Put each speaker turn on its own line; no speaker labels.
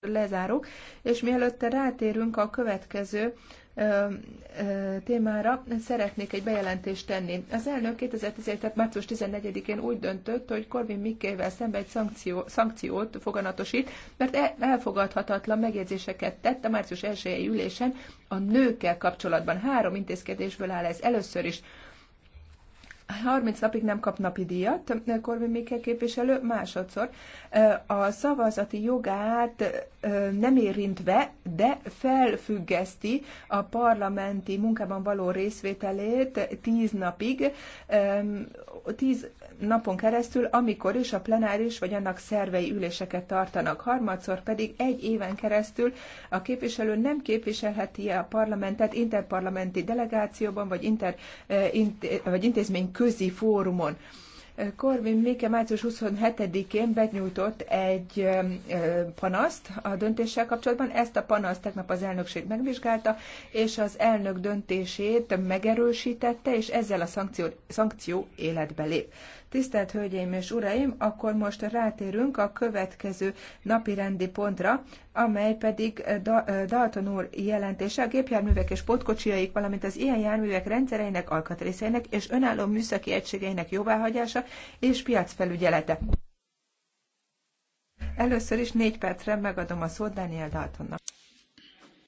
lezárok, és mielőtt rátérünk a következő ö, ö, témára, szeretnék egy bejelentést tenni. Az elnök 2017. Tehát március 14-én úgy döntött, hogy Korvin Mikkével szemben egy szankció, szankciót foganatosít, mert e, elfogadhatatlan megjegyzéseket tett a március 1 ülésen a nőkkel kapcsolatban. Három intézkedésből áll ez. Először is 30 napig nem kap napi díjat Korvin Mikkel képviselő másodszor. A szavazati jogát nem érintve, de felfüggeszti a parlamenti munkában való részvételét tíz napig, tíz napon keresztül, amikor is a plenáris vagy annak szervei üléseket tartanak. Harmadszor pedig egy éven keresztül a képviselő nem képviselheti a parlamentet interparlamenti delegációban vagy, inter, int, vagy intézmény közi fórumon. Korvin Mike március 27-én benyújtott egy panaszt a döntéssel kapcsolatban. Ezt a panaszt tegnap az elnökség megvizsgálta, és az elnök döntését megerősítette, és ezzel a szankció, szankció életbe lép. Tisztelt Hölgyeim és Uraim, akkor most rátérünk a következő napi rendi pontra, amely pedig Dalton úr jelentése a gépjárművek és pótkocsiaik, valamint az ilyen járművek rendszereinek, alkatrészeinek és önálló műszaki egységeinek jóváhagyása és piacfelügyelete. Először is négy percre megadom a szót Daniel Daltonnak.